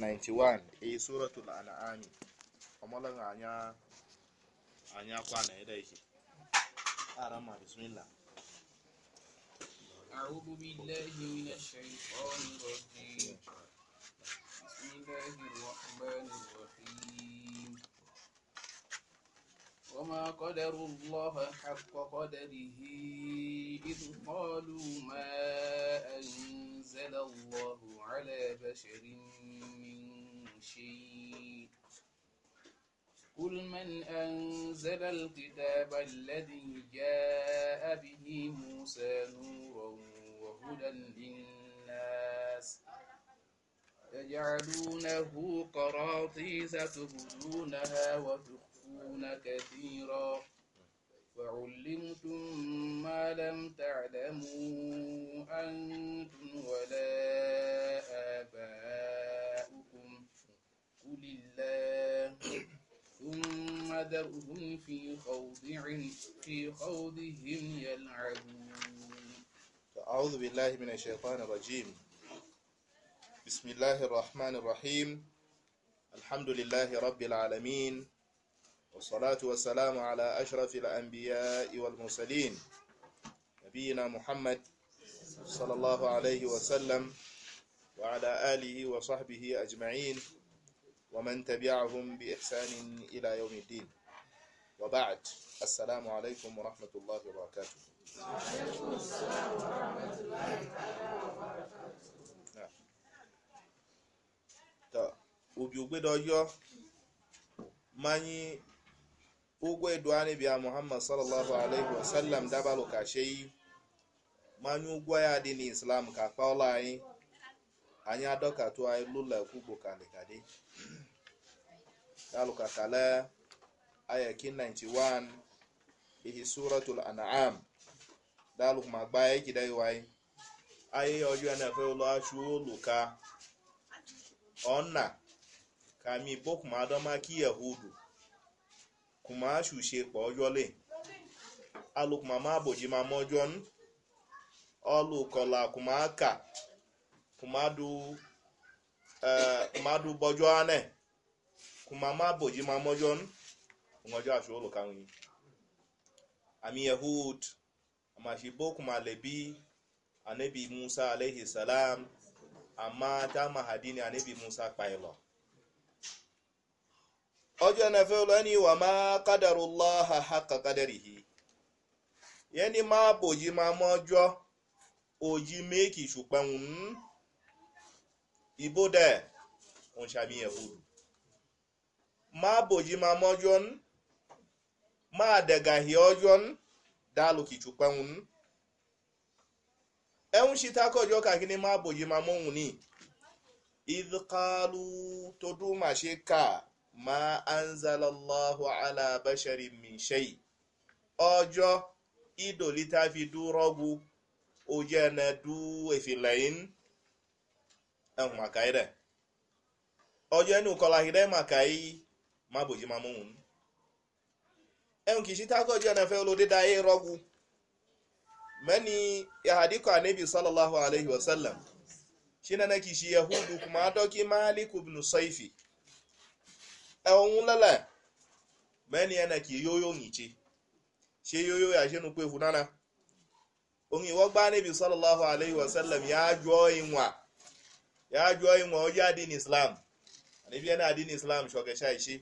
91 èyí suratul an'ami ọmọlọ́run àyà àyà kọ́ àná ẹ̀dá ìṣe àràmà bismillah. أعوذ بالله من الشيطان الرجيم بسم الله الرحمن الرحيم وما قدروا الله حق قدره إذ قالوا ما أنزل الله على بشر من شيء قل من أنزل الكتاب الذي جاء به موسى نورا وهدى للناس تجعلونه قراطيس تبدونها وتخفونها وتعلمون كثيرا وعلمتم ما لم تعلموا أنتم ولا آباؤكم قل الله ثم ذرهم في خوضهم في خوضهم يلعبون أعوذ بالله من الشيطان الرجيم بسم الله الرحمن الرحيم الحمد لله رب العالمين والصلاة والسلام على أشرف الأنبياء والمرسلين نبينا محمد صلى الله عليه وسلم وعلى آله وصحبه أجمعين ومن تبعهم بإحسان إلى يوم الدين وبعد السلام عليكم ورحمة الله وبركاته وعليكم السلام ورحمة الله وبركاته ugwe duani bia muhammad sallallahu alaihi wasallam dabalu kasheyi manyu ugwe ya dị n'islam ka kpaọla anyị anyị adọkatụ anyị lụla kwugbo kalikadi alụkatala ayaki 91 ihi suratul an'am dalu ma gba ya gida yi wayi ayi ọjọ́ ẹ̀nà fẹ́ lọ aṣọ olùka ọ̀nà kàmi bókùnmá dọ́má kí yahudu kuma alụkma shushekpa ọjọle alụkma ma boji ma mọjọn ọlụ kọla kuma aka kumadu kumadu bọjọ anẹ kuma ma boji ma mọjọn ngọjọ aṣọ ụlọ kanwi ami yahud kuma boku malebi anabi musa alaihi salam a amma ta mahadini anabi musa kpailọ Ọjọ na fẹ́lọ́ni wà máa kádàrúláhà haka kádàrìhì yẹni máa bòjì máa mọ́jọ́ òjì méèkì ṣùgbọ́n hmm, ìbò dẹ̀ ń máa máa mọ́jọ́ máa dẹ̀gàhì ọjọ́ dálùkì ṣùgbọ́n ẹ̀hún ṣì tákọ̀jọ́ kàkíní máa bòjì máa mọ́hùn ní ìdíkàlù tó dùn máa ṣe káà. ma anzalallahu ala basharin min shay ọjọ́ idoli ta fi dúrọ́gu ojú ẹ̀nà dú èfìlẹ́yìn ẹ̀hùn màkàí rẹ̀ ọjọ́ ẹnu kọlá hìrẹ́ màkàí má bòjì má múhùn ẹ̀hùn kìí ṣítákọ ojú ẹ̀nà fẹ́ olóde dáyé rọ́gu mẹ́ni yahadikọ anabi sallallahu alayhi wa sallam ṣí nana kìí ṣe yahudu kuma adọ́kí malik ibn saifi ọnwụlele meni ene ka yoyo nyichi ṣe yoyo ya ṣe nukwu efu nana òun ìwọ́ gbá níbi sallallahu alayhi wa sallam ya jọ ìwọ̀n ya jọ ìwọ̀n ọjọ́ àdín islam níbi ẹni àdín islam ṣọ̀kẹ̀ṣà ìṣe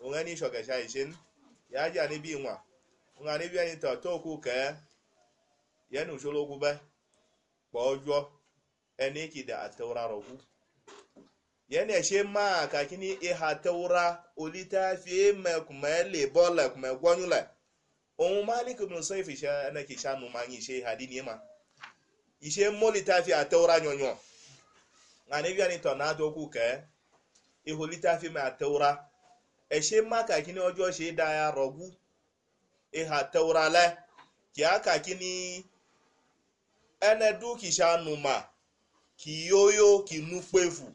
òun ẹni ṣọ̀kẹ̀ṣà ìṣe ya jà níbi ìwọ̀n òun àníbi ẹni tọ̀ tó kù kẹ́ yẹnu ṣológun bẹ́ pọ̀ ọjọ́ ẹni kìdà àtẹwọ́rọ̀ ọ̀gùn yana she ma ka kini e ha taura olita fi ma kuma le bola kuma gwanyula ohun malik ibn saif sha na ki sha nu mangi she hadi ni ma ishe molita fi atewura nyonyo ngani bi ani tonado ku ke e holita fi ma ataura e she ma ka kini ojo da ya rọgbu e tewura taura le ki aka kini ene du ki sha nu ma ki yoyo ki nu kpefu.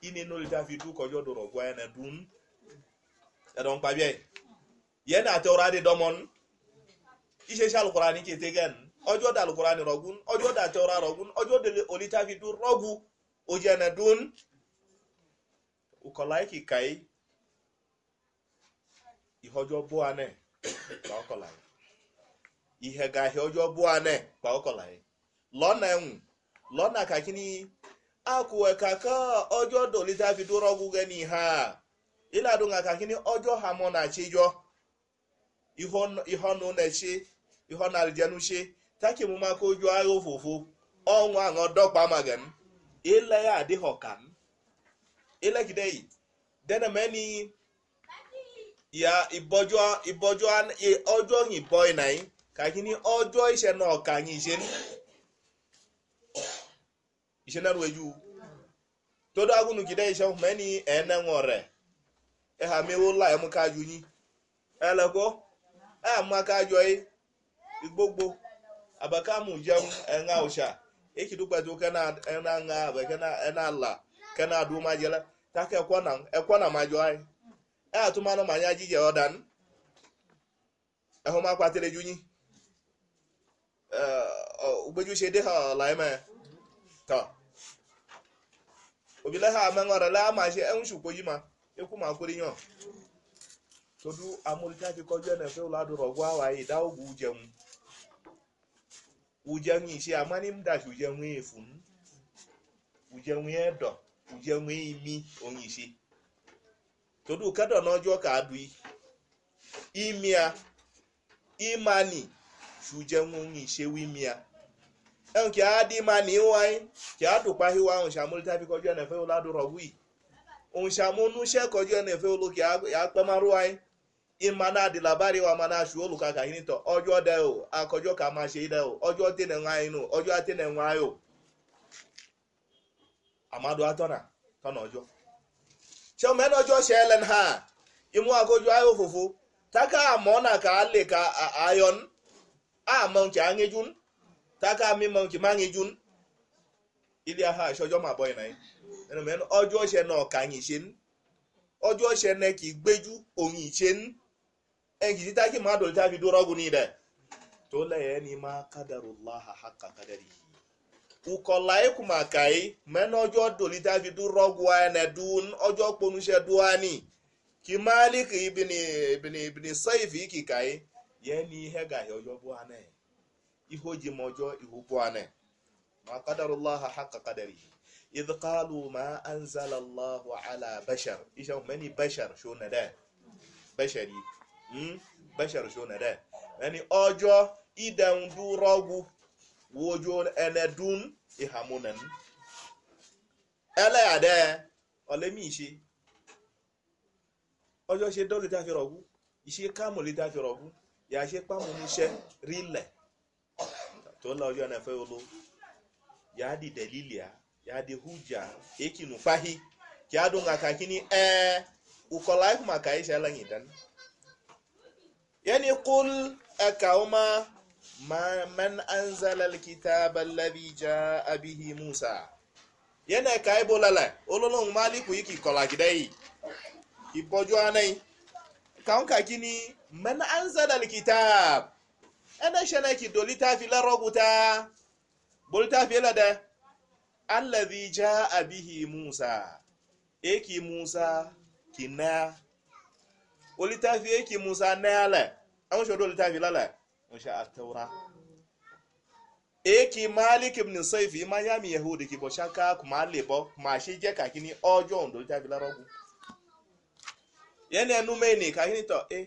ine no litafi du ko jodo ro gwa dun e don pa bien yen ate ora de domon ise sha alqurani ke tegen ojo da alqurani rogun ojo da te ora rogun ojo de olitafi du rogu oje na dun ukolai ki kai ihojo bo ane ka okolai ihe ga ahia ojo bo ane ka okolai lọ na enwu lọ na kakini akuwe kaka ojo dolita fituro gugeni ha ila dunga kakini ojo hamona chijo ihon ihon unechi ihon aljanushi taki mumaka ojo ayo fufu onwa ngo dokpa magen ile ya adiho kan ile kidei dena meni ya ibojo ibojo an e ojo yin boy nai kakini ojo ise na okan yin ishenarweju todo agunu gide ishe meni ene ngore eha mewola emuka junyi eleko emuka joyi igbogbo abakamu jam enga usha ikidugba to kana ena nga abakana e ena e la kana aduma jela take ekwana ekwana majoyi e atumano manya e jije odan ehoma kwatele junyi eh ugbeju shede ha laime ta obila ha amangora la ma se en supo yi ma eku ma kuri yan todu amurita ti kojo na fe uladu rogwa wa yi da ogu jẹun ujenwe ise amani m dashi ujenwe efu m ujenwe edo ujenwe imi onye ise todu kedo na ọjọọ ka adui imia imani sujenwe onye ise wimia nke adị ma na iwu anyị ke adụkwa hiwa nshamu litafi kọjú ẹnẹfẹ ụlọ adúrọ wí nshamu nusẹ kọjú ẹnẹfẹ ụlọ ke akpẹmaru anyị ịma na adìlabari wa mana aṣu ka kà hinitọ ọjọ dẹ o akọjọ ka máa ṣe dẹ o ọjọ tẹnẹ ń wáyé nù ọjọ tẹnẹ ń wáyé o amadu atọna tọna ọjọ ṣé ọmọ ẹni ọjọ ṣe ẹlẹn ha imú akójú ayé òfófó taka àmọ́ na ká lè ka ayọ̀n àmọ́ nkè ányéjún. taka mi mọ ki ma ń ijun ilé aha àṣọjọ́ máa bọ̀ ìnà yìí ẹnu mẹ́nu ọjọ́ ọ̀ṣẹ́ náà kà yín ṣe ń ọjọ́ ki gbeju kì í n òun ìṣe ń ẹnkì ma tákì máa dọ̀lẹ́ táfi dúró ọ̀gùn ní ma tó lẹ́yìn ẹni máa kádàrú láha haka kádàrí yìí ukọ̀lá ọjọọ iho jimojo ihu bwane ma qadarullah haqqa qadarihi idh qalu ma anzala Allah ala bashar isha mani bashar sho nada bashari hmm bashar sho nada yani ojo idan du rogu wojo enedun ihamunan ele ade olemi ise ojo se dole ta fi rogu ise kamu le ta fi rogu ya se pamu ni se rile tona ojua na fayolo yadi dalilia yadi huja eki nufahi kiadu nga kakini eh ukolaifu makaisha yala ngidan yani qul akauma ma man anzala alkitaba alladhi jaa bihi musa yana kai bolala ololon maliku yiki kolagidai ibojo anai kaunka kini man anzala alkitab ene sheneki do littafi la roguta bo littafi la da alladhi jaa bihi musa eki musa kina o littafi eki musa nala an shodo littafi lala in sha at-taura eki malik ibn sayfi ma ya mi yahudi ki bo shaka kuma lebo ma se je kakini ojo ondo littafi la rogu yene enu meni kakini to eh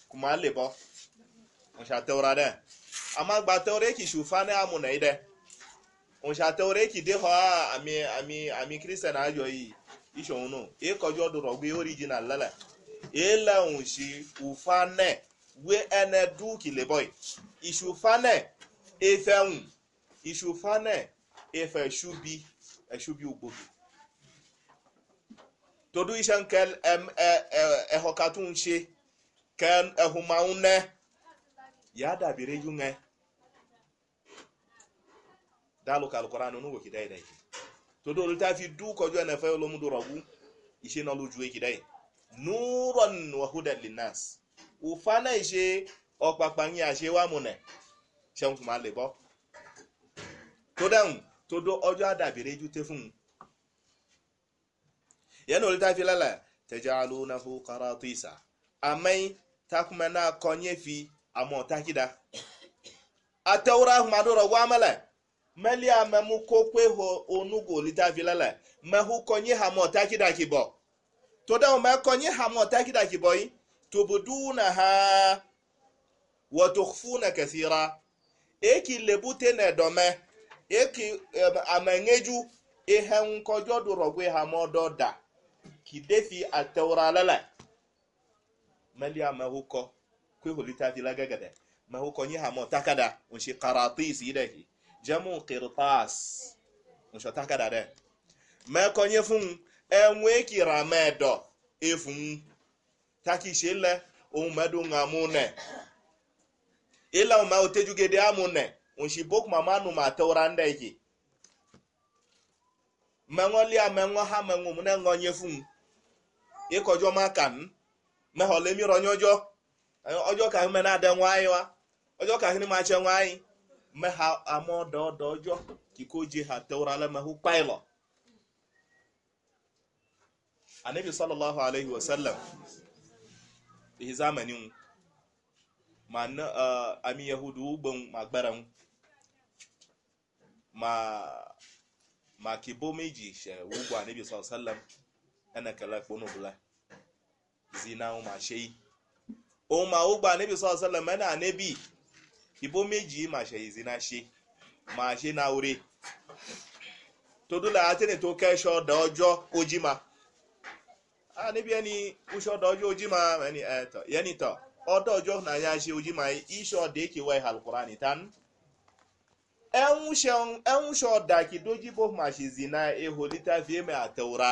kuma libo unsha teura de amma gba teure ki shufa ne amu na ide unsha teure ki de ho ami ami ami christian ajo yi isho unu e kojo do rogbe original lele ele unshi ufa we ene du ki libo ishufa ne efe un ishufa ne efe shubi eshubi ugbogi todu ishe nke ehokatun e, e, e se ken ehumaune ya dabere yunge dalu ka alquran nu woki dai dai to do ta fi du ko jo na fa lo mu do ragu ise na loju eki dai nuran wa hudan linnas ufana ise opapa yin ase wa mu ne seun kuma le bo to dan to do ojo adabere ju te fun yana olita fi lala tajalunahu qaratisa amai takuma na konye fi amo takida atawra madoro wamala mali amemu kokwe ho onugo litavilala mehu konye hamo takida kibo toda ma konye hamo takida kibo yi ha wa tukhfuna kathira eki lebute na dome eki amengeju ihe nkọjọ dụrọgwe ha mọdọ da kidefi atawra lala malia mahuko kwe hulita filaga gada mahuko nyi hamo takada unshi qaratis yidahi jamu qirtas unsho takada de ma konye fun enwe kiramedo efun takishele ohun medu ngamune ila ma otejugede amune unshi bok mamanu matawra ndeki mengo lia mengo ha mengo mune ngonye fun ikojo makan mehọla emiri onye ọjọọ ọjọọ ka ahụ na ada nwa anyị wa ọjọọ ka ahịrị macha nwa anyị mme ha ama ọda ọda ọjọọ kiko ji ha tewarala mahụ kpailọ anabi sallallahu alaihi wasallam ihe zamanin ma na eh, ami yahudu ugbon ma ma kibo meji she ugbo anabi sallallahu alaihi wasallam zinahuma ṣeyi òun máa ó gba anábì sọ́ọ́ sọ́lọ́ mẹ́ta anábì ìbò méjì máa ṣe ìzina ṣe máa ṣe na ore tòdúlà àtẹnì tó kẹ́ṣọ́ ọ̀dà ọjọ́ ojima anábì ẹni kúṣọ́ ọ̀dà ọjọ́ ojima ẹni ẹ̀tọ́ yẹni tọ́ ọ̀dà ọjọ́ náà yà ṣe ojima iṣẹ́ ọ̀dà èkè wáyé alukura nìtan ẹ̀hún ṣọ́ ọ̀dà kìdójì bó máa ṣe zina ehò lítàfíẹ́mẹ̀ àtẹ̀wòrà.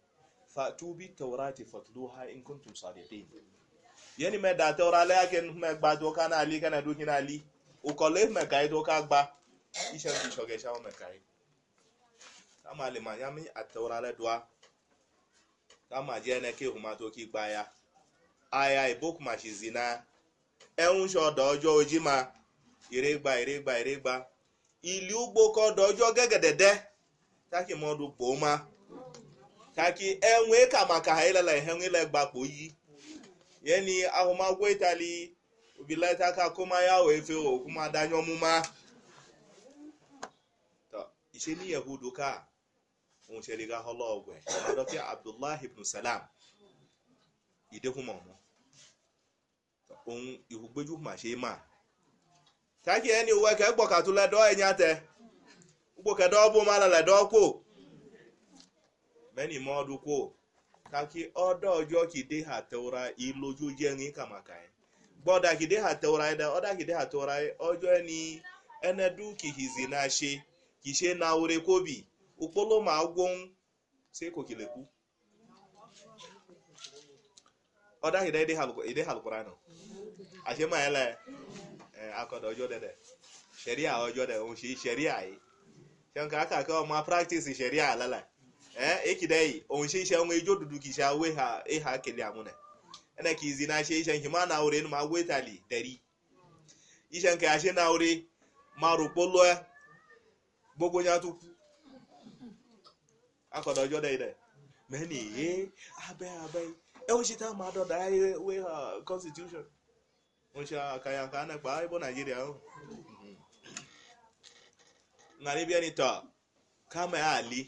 fa'tu bi tawrati fatluha in kuntum sadiqin yani me da tawra la yaken me gba to kana ali kana du kina ali o ko le me kai do ka gba iṣẹ́ ti ṣọ̀gẹ̀ ṣáwọ́ mẹ́ka yìí ká máa lè máa yá mí àtẹ̀wọ́ra lẹ́dọ́á ká máa jẹ́ ẹnẹ́kẹ́ ìhùn máa tó kí gba ya aya ìbókù ma ṣì zina ẹ̀hún ṣe ọ̀dọ̀ ọjọ́ oji ma gba gba ìrẹ́gba ìrẹ́gba ìlú gbókọ̀ ọ̀dọ̀ ọjọ́ gẹ́gẹ́dẹ́dẹ́ táàkì mọ́ ọdún gbòó ma. kaki enwe kama ka ha ilala ehenwe ile gbakpo yi yeni ahụmagwọ itali obilata aka kuma ya wee fe o kuma danye ọmụma ishe ni yahudu ka ohun ṣe riga holo ọgwẹ adọkị abdullahi ibn salam idehuma ọmọ ohun ihugbeju ma ṣe ma kaki ẹni uwe ka ẹgbọkatulẹ dọ ẹnyatẹ e ugbọkẹdọ ọbụ ma lalẹ dọ kwuo mẹ́ni mọ́ọ́dún kó kaki ọdọ̀ ọjọ́ kìdé hà tẹ́wọ́ra ìlójú jẹ́ ní kàmàkà ẹ̀ gbọ́dà kìdé hà tẹ́wọ́ra kìdé hà tẹ́wọ́ra ọjọ́ ẹni ẹnẹ́dú kìhìzì náà ṣe kìṣe na ore kóbì òpólò máa gbóhùn ṣé kò kìlẹ̀ kú kìdé ìdé nù àṣẹ máa ekidai eh, eh, onshesha nwe ijo dudu kisha we ha e ha kele amune ene izi na shesha hima na ore ma wetali dari ishan ke ashe na ore ma ro polo e gbogbo nya tuku akodo ojo dai dai meni ye abe abe e o ma do dai we ha constitution o sha akaya ka na pa ibo e nigeria o ngari bi ani to kama ali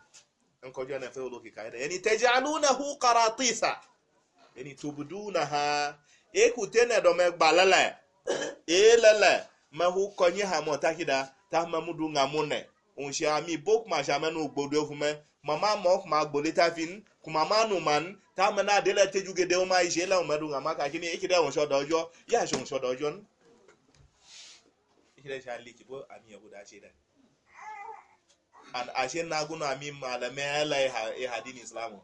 nkọjá náà fẹ́ olókè káyọ̀ ẹni tẹ́jẹ́ alúnahu karatisa ẹni tòbùdú na ha eku tẹ́nà dọ́mẹ́ gbà lẹ́lẹ̀ ee lẹ́lẹ̀ mahu kọ́nyé hamọ̀ takida tahmamudu ngamune onse ami bok ma jamanu gbodo efume mama mọ kuma gbole tafin kuma manu man tamana adela teju gede ma ise la umedu ngama kakini ekide onse ọdọjọ yíyá se onse ọdọjọ ní. ekide se aliki bó ami ẹ̀kú dá se ashe na guna min malamai ala ya hadin islamu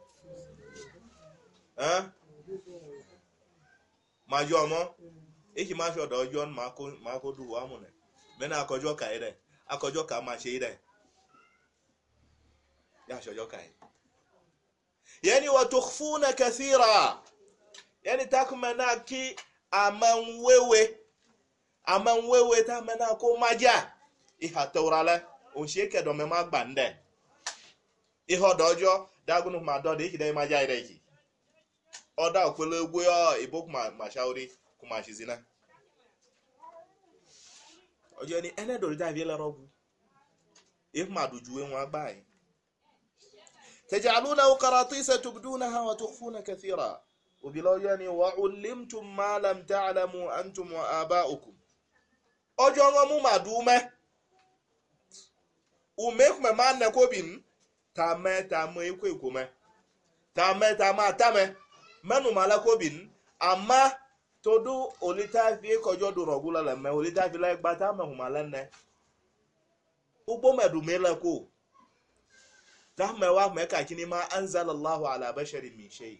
ma jọ mọ́ èkì máa ṣe ọ̀dọ̀ ọjọ́ máa kó dùn wá mọ̀ nẹ̀ mẹ́nà akọjọ́ kàí rẹ̀ akọjọ́ kàá máa ṣe rẹ̀ yà ṣọjọ́ kàí. yẹ́nì wọ́n tó fún náà kẹsíra yẹ́nì takùmẹ̀ náà kí àmàwéwe àmàwéwe tá a mẹ́ onsieke dɔ mɛma gban dɛ ihɔ dɔdzɔ dagunu kuma dɔ de ihi dɛ ma dza yi dɛ ihi ɔda okpele egwu yɔ ibo kuma mashauri kuma shizina ɔdzɔ ni ɛnɛ dɔri davi lɛ rɔbu ihuma e dujuwe ŋu agba yi e. tẹjàlúna karatisa tubduna ha wa tukfuna kathira obìlọ yọ ni wa ulimtum ma lam ta'lamu antum wa aba'ukum ọjọ́ wọn mú màdúmẹ́. umekume manne kobin tame tame e kwe kume tame tame atame, menu mala kobin ama todo olita fi e kojo do rogula la me olita fi la e gba tame humala ne ugbo ko tame wa me ka kini ma anzalallahu ala basharin min shay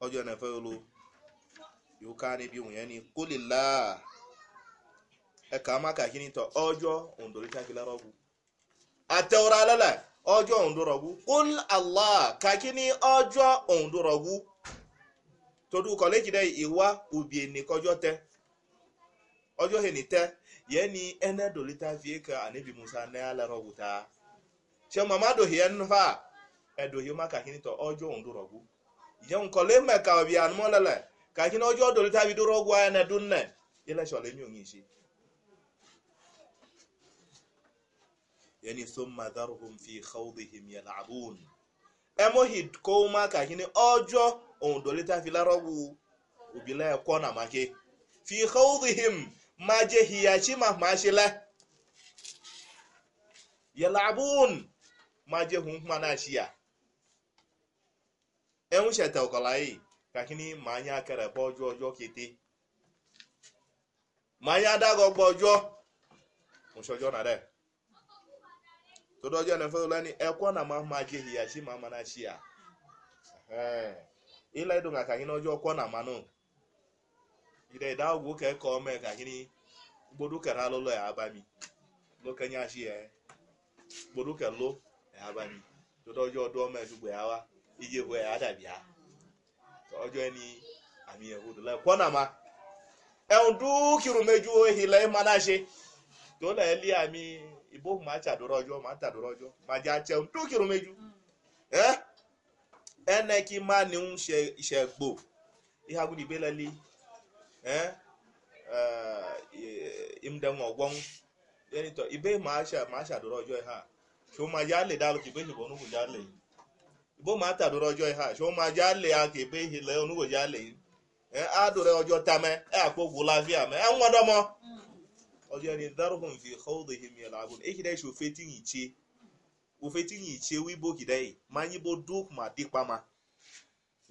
ojo na fe olo yóò ká níbi kama kakini to ojo ondori kakila rogu atewra lala ojo ondorogu qul allah kakini ojo ondorogu todu college de iwa ubi ni kojo te ojo he ni te ye ni ene dolita vie ka anabi musa na ala rogu ta she mama do he nfa edo he ma kakini to ojo ondorogu ye nkole me ka obi anmo lala kakini ojo dolita bi do rogu aya na dunne ile shole mi onyi shi yani summa dharhum fi khawdihim yal'abun emohid koma ka kini ojo ohun dolita fi larawu obila ẹkọ na make fi khawdihim ma je hiyachi ma ma ṣe la yal'abun ma je hun kuma na ṣiya ẹhun ṣẹta ọkọla yìí ka kini ma anya kẹrẹ bọ ọjọ ọjọ kété ma anya adágọgbọ ọjọ òṣọjọ náà dẹ todo ọjọ́ ẹ̀nà fẹ́ràn lẹ́ni ẹ̀kọ́ náà máa máa jẹ ìyá sí máa máa ṣe à ilẹ̀ ìdùn àkàyìn ọjọ́ ọkọ́ náà máa nù ìdẹ̀ ìdá kẹ́kọ̀ọ́ ọmọ ẹ̀kàyìn ní gbódúkẹ̀rá lọ́lọ́ ẹ̀ abami ló kẹ́yìn àṣì ẹ̀ gbódúkẹ̀ ló ẹ̀ abami todo ọjọ́ ọdún ọmọ ẹ̀ ṣùgbọ́n ẹ̀ wá iye ìwé ẹ̀ àdàbí à ọjọ́ ẹni àmì ẹ̀kọ́ náà máa ẹ̀hún dúkìrù méjú ìhìlẹ̀ máa tola eli ami ibo ma chadoro ojo ma tadoro ojo ma ja che un meju eh ene ki ma ni un se ise gbo ihagu ni belali eh eh ibe ma sha ma chadoro ojo ha so ma ja le dalu ki be se bonu ko ja le ibo ma tadoro ojo ha so ma ja le a ki be he le onu ja le eh ojo e via me ọjọ́ ni dárùhùn fi khawdihim yal'abun ekidai shi ofetin ice ofetin ice wibo kidai ma yi bo duk ma dikpa ma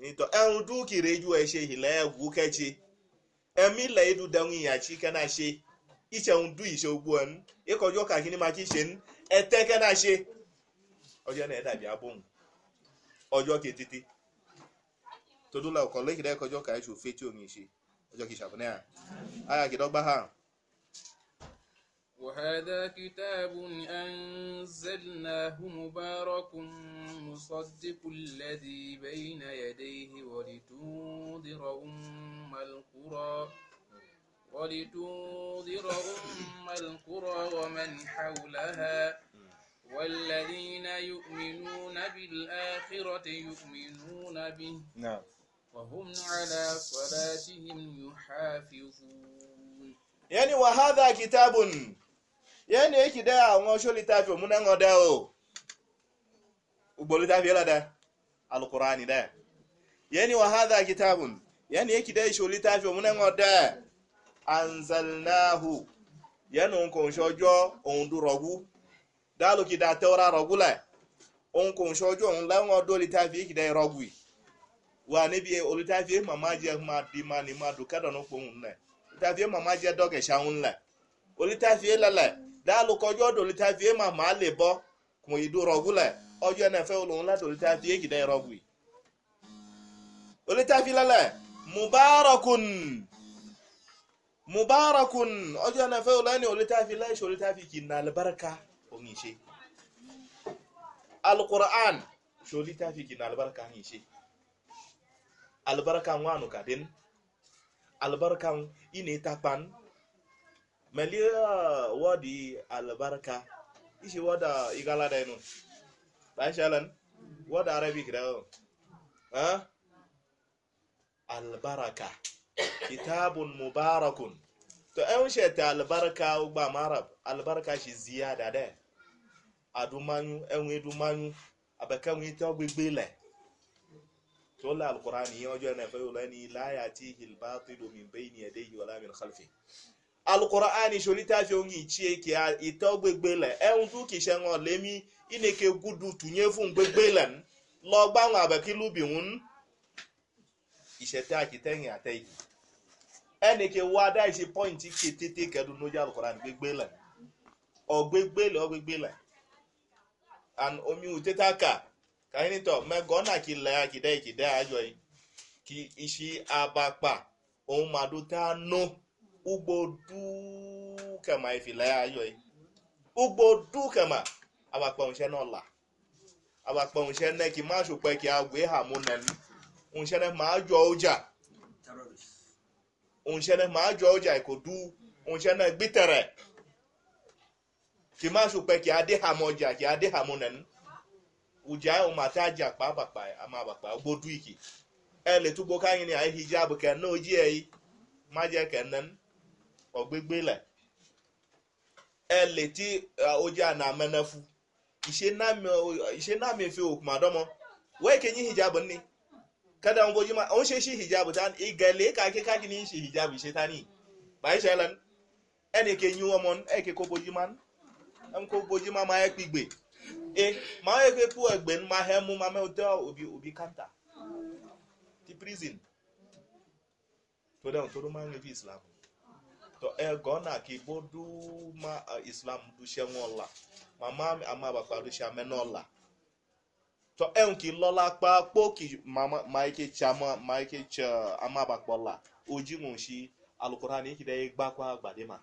nito ẹrun dúkì reju ẹ ṣe ìlẹ̀ ẹ̀gú kẹ́chi ẹ̀mí ilẹ̀ ìdú dẹ̀hun ìyàchi kẹ́nà ṣe ìṣẹ̀hun dú ìṣe ogbó ẹnu ìkọjú ọkà kí ni ma kí ṣe ń ẹ̀tẹ́ kẹ́nà ṣe ọjọ́ náà dàbí abóhùn ọjọ́ kẹtẹ́tẹ́ todúlà ọkọ̀ lẹ́kìdá ìkọjú ọkà ẹ̀ṣọ́ fẹ́tí omi ṣe ọjọ́ kìí ṣàbọ̀nẹ́yà ayà kìdọ́gbà hàn. وهذا كتاب أنزلناه مبارك مصدق الذي بين يديه ولتنذر أم القرى ولتنذر أم القرى ومن حولها والذين يؤمنون بالآخرة يؤمنون به نعم وهم على صلاتهم يحافظون يعني وهذا كتاب yẹn ni èkì dẹ́ àwọn ṣólítàfì òmúnáńgọ́ o ugbolítàfì yẹ́lá dẹ́ alukurani dẹ́ yẹn ni wàhádà kìtàbùn yẹn ni èkì dẹ́ anzalnahu yẹn ni nǹkan ṣọjọ́ òun dúrọ̀gú dálùkì dá tẹ́wọ́rá rọ̀gú lẹ̀ nǹkan ṣọjọ́ òun lẹ́wọ̀n dólítàfì èkì dẹ́ olitafi- ma di ma ni e, mama daalụka ọjọọ dolitavie ma ma alịbọ kuidurọgwụla ọjọọ na-efe ụlọ nla dolitavie giderọgwi olitafilele mubarakun mubarakun ọjọọ na-efe ụlọ ni olitafile ṣe olitafi na albarka onyeṣe alquran ṣe olitafi na albarka onyeṣe albarkan wanu kadin albarkan ina itapan malaria wadi albarka ishi wada igala da inu ba shalan wada arabic da yau ha albaraka kitabun mubarakun to ayon eh, shi ta albarka ugba marab albarka shi ziyada da adumanyu enwe eh, dumanyu abakan ita gbegbe le to la alqur'ani yin ojo na fayo lani la yatihi albatilu min bayni yadayhi wala min khalfihi alqur'ani sholi tafiongi chie ki ito gbegbele ehun tu ki se won lemi ineke gudu tunye fun gbegbele lo gba won abeki lubiun ise te akiteyin ateyi enike wa da ise point ki tete kedun no ja alqur'ani gbegbele o gbegbele o le an omi ka utetaka kainito megona ki le akide ikide ajoyi ki isi abapa ohun madu ta no ugbo duuu ifile ayoi la ya ayɔe ugbo du kama abakpa ŋsɛŋnɛ ɔla abakpa ŋsɛŋnɛ kima sụkpɛ kia wee hamu nenu ŋsɛŋnɛ ma adzɔ ɔdza ŋsɛŋnɛ ma adzɔ ɔdza iko du ŋsɛŋnɛ gbitere kima sụkpɛ kia de hamu ɔdza kia de hamu nenu ụdza ụmata dza kpaa kpaa ama abakpa ugbo du ike ɛletụbọ kaịn ahi hijab ka e na oji e ya ma ọ̀gbẹ́gbẹ́lẹ̀ eleti oje a na-amenefu ishe na-ama efe okumadomo wee kenye hijab nne kada ngoji ma on sheshi hijab tan igale ka ke ka gini shi hijab she tani ba ishe lan ene ke nyu omon e ke ko boji man am ko boji ma ma e pigbe e ma e ke pu egbe ma he mu ma me odo obi obi kanta ti prison to da to do ma ngi islam Eh, ah, to egona eh, ka igbo ma islam dusie nwa ọla mama ma dusie amenola to enki lola pa poki mama maike chama maike cha amabakpa la oji nwoshi alukurani ikide gbakwa agbadema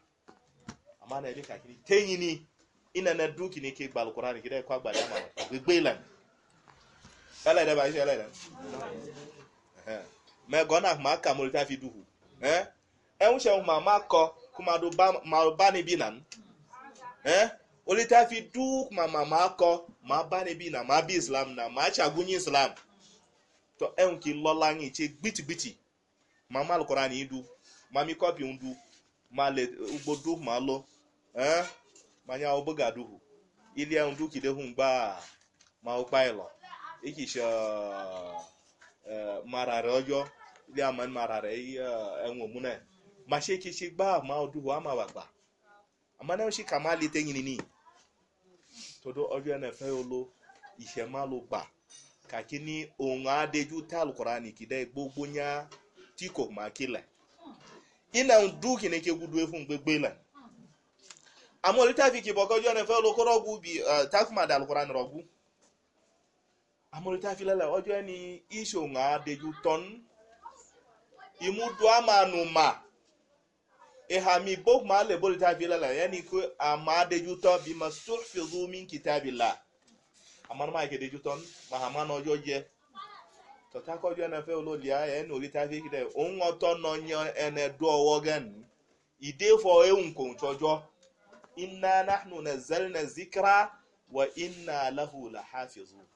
amana ebe ka kini teyini ina na duki ne gba kwa ba a fi eh? é um mamá có com marubane binan é eh? o litafi du com mamá có mabane islam na macha islam to é um que lola ni che ma biti mamá lo corani eh? du mami copy um du male ubodu malo manya duhu ma o pai lo ikisha eh, marare ojo ili mashekeshe ba mauduhu ama bagba amana yoshi kamali tengini ni todo ojo na fe olo ise ma lo gba kaki ni ohun adeju ta alqurani kide gbogbo nya ti ko ma kila ina ndu kine ke gudu efun gbegbe la amon litafi ki boko ojo na fe olo korogu bi takuma da alqurani rogu amon litafi lala ojo ni iso ohun adeju ton imudu ama numa ihami bok ma le bol ta bila la yani ko ama de juto bi masuhfizu min kitabillah amar ma ke de juton ma hama no joje to ta ko jo na fe olo lia e no rita fi kide on oto no nyo ene do owo gan ide fo e un ko jojo inna nahnu nazzalna zikra wa inna lahu lahafizun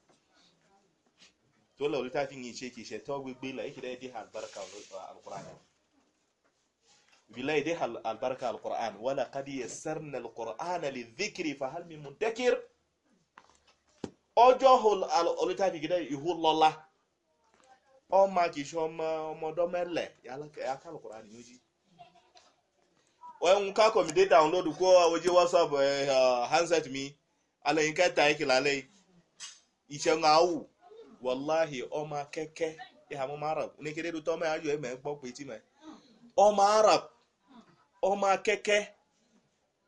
to lo rita fi ni che ki she to gbegbe la ikide di albarka alquran vilay hal albarka alquran wala qad yassarna alqur'ana lidhikri fahal min muntakir ọjọ́ olùtàbí gidẹ ihu lọ́la ọmọ kìíṣe ọmọ ọmọdọ́ mẹ́lẹ̀ yàtọ̀ alquran yóò jí wọn ká kọ̀mídé download kó ojú whatsapp eh, eh, handset mi alẹ́ yín kẹta yìí kìlá lẹ́yìn iṣẹ́ ń awù wàláhì ọmọ kẹ́kẹ́ ìhàmọ́ arab ní kéde tó tọ́ mẹ́ ayọ̀ ẹ̀ mẹ́ gbọ́ pé tí mẹ́ ọmọ arab ọmọ akẹ́kẹ́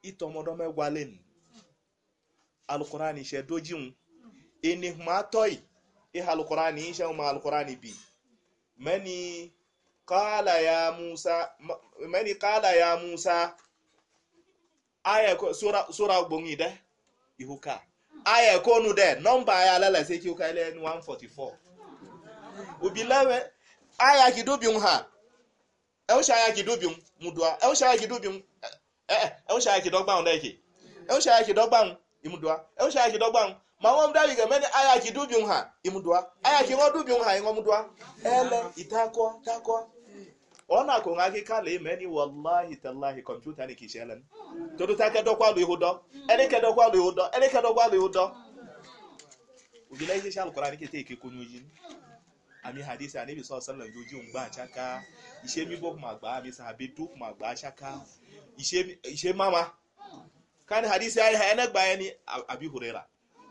ìtọ̀ ọmọdé ọmọ ẹwà lẹ́nu alukurani ṣe dojin ẹni máa tọ́yì ìhà alukurani ṣe ọmọ alukurani bì mẹ́ni kala ya musa mẹ́ni kala ya musa aya sura sura gbongi dẹ ihuka aya konu dẹ nọmba aya alala ṣe kí o one forty four òbí lẹ́wẹ̀ aya kìdóbi ń ha elshaya ki dubin mudua, elshaya ki dubin eh elshaya ki dogba wanda yake elshaya ki dogba imuduwa elshaya ki dogba ma won da yiga meni aya ki dubin ha imudua, aya ki won dubin ha ingo muduwa ele itako tako ona ko ngaki kale meni wallahi tallahi computer ni kishelen todo take dokwa lu ihudo ere ke dokwa lu ihudo ere ke dokwa lu ihudo ugile ise sha alquran ke te ke kunyu yin ami hadisi anabi sọ ọsán lọ́nà ojú ń gbà ṣáká ìṣe mímọ́ kùmà gbà mi sàn àbí tó kùmà gbà ṣáká ìṣe máma kani hadisi ya ẹnẹgbà yẹn ni abi hurera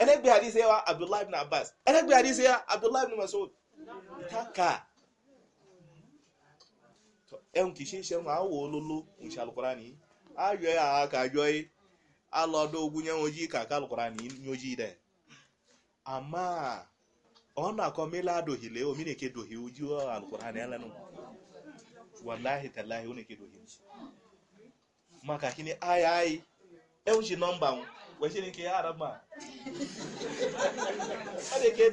ẹnẹgbà hadisi ya abdullahi ibn abbas ẹnẹgbà hadisi ya abdullahi ibn mas'ud ìtaka ẹn kì í ṣe ṣẹ́nu àwọ̀ olóló ń ṣe alukura ni ayọ̀ ẹ̀ àkàjọ ẹ̀ alọ́dọ̀ ogun yẹn wọ́n yí kàkà alukura ni yóò yí dẹ̀ ona ko mila dohi leo mine ke dohi ujua alqur'ani ala no wallahi tallahi une ke dohi maka kini ai ai e o ji number un we se ni ke ara ah, ma ade ke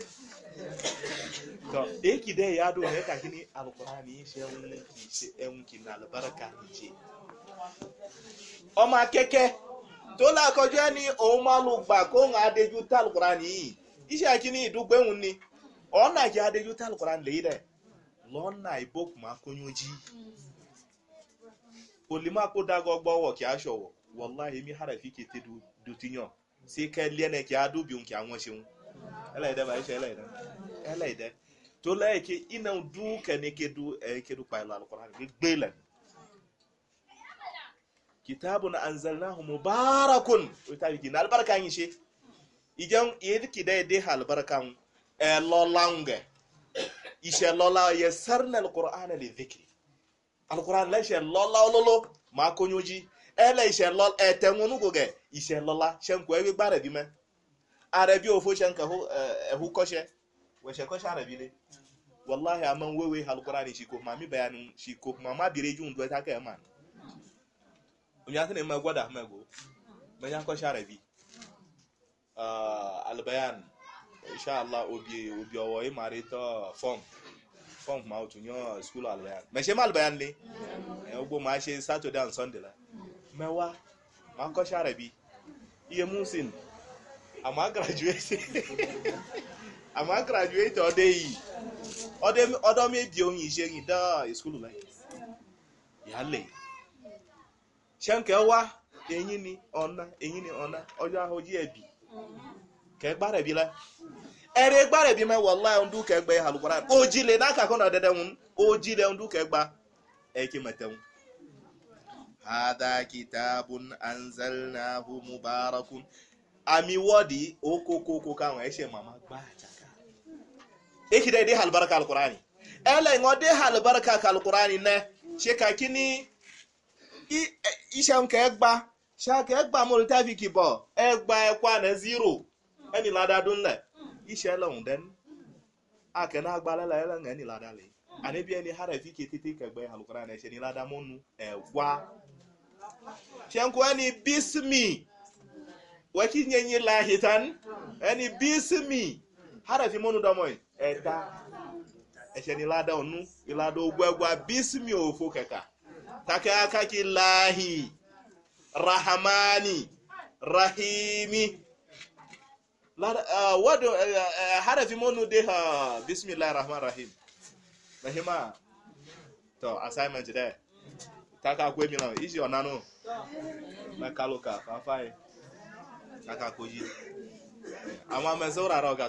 to e ki de ya do he ka kini alqur'ani e se un ki se un ki na albaraka ji e o ma keke tó lákọjọ ni òun máa lò gbà kóhun adéjú tálùkùrá nìyí iṣẹ́ kí ní ìdúgbéhùn ni ọ̀nà yìí adéjútà alukoran lè rẹ̀ lọ́nà ìbòkùn akóyúnjì olùmọ̀kó dágọ́ gbọ́wọ̀ kí a ṣọ̀wọ̀ wàláhì mi hàrà fi kété dùtìyàn sí kẹ́lẹ́ ẹ̀ kí a dùbí òun kí àwọn ṣeun ẹlẹ́dẹ́ bá ṣe ẹlẹ́dẹ́ ẹlẹ́dẹ́ tó lẹ́yìn kí iná dún kẹ́ni kédu ẹ̀ kédu pa ìlànà alukoran gbé lẹ́nu kitabun anzalnahu mubarakun o tabi ki na albarkan yi she idan yedi ki dai dai albarkan ɛlɔlaŋgɛ isɛ lɔla yɛsɛrinɛ alukur'ana le zikiri alukur'ana lɛ isɛ lɔla ololo maa konyodzi ɛlɛ isɛ lɔ ɛtɛŋunugo gɛ isɛ lɔla sɛnko ɛbi gba arabi mɛ arabi ofo hu ɛho ɛho kɔsɛ wɛsɛ kɔsɛ arabi le walahi a man wewe alukur'ana siko maami bayani siko mama bire jun dɔ ta kɛ man onyatɛ ne ma gbɔda mɛ go mɛ nya kɔsɛ arabi ɛɛ alibayani. inshallah obi obi ọwọ ịmarịta e fọm fọm ma otu nye skul alụbayan meche ma alụbayan eh, le ugbo ma ṣe satọde and sọnde la mẹwa ma nkọcha arabi ihe m sin ama grajueti ama grajueti ọdẹ yìí ọdọ mebi onye iṣẹ yìí dá skul la yà lè ṣe nke wa enyini ni enyini enyi ni ọna ahụ ji ebi kẹgbà rẹ̀ bí lẹ́ ndu ẹgbà rẹ̀ bí mẹ́ wàláì ń dúkẹ́ gbẹ́ alùpùpù ojìlẹ̀ n'akàkọ́ nà dẹ́dẹ́ wọn ojìlẹ̀ ń dúkẹ́ hada kitabun anzalnahu mubarakun àmì wọ́ọ̀dì okokoko káwọn ẹ̀ṣẹ̀ mama gbà àjàká. ekide de albarka alukurani ẹlẹ́ ń ọdẹ albarka alukurani Egba ekwa na zero. enilada dunle ishela unden akena agbala la yela ngani lada le anabi eni harafi ke tete kagbe alquran e sheni lada monu e wa shenko ani bismi waki nyenye lahitan ani bismi harafi monu da moy eta e sheni lada onu ilada ogwagwa bismi ofo kaka taka aka ki lahi rahamani rahimi Uh, harafin uh, uh, monu dai ha bismillah rahman rahim rahima to assignment there kaka kwe mi na iji ọnanụ na kaluka ka fai kaka koji àwọn amẹsẹ ó rárá ọgá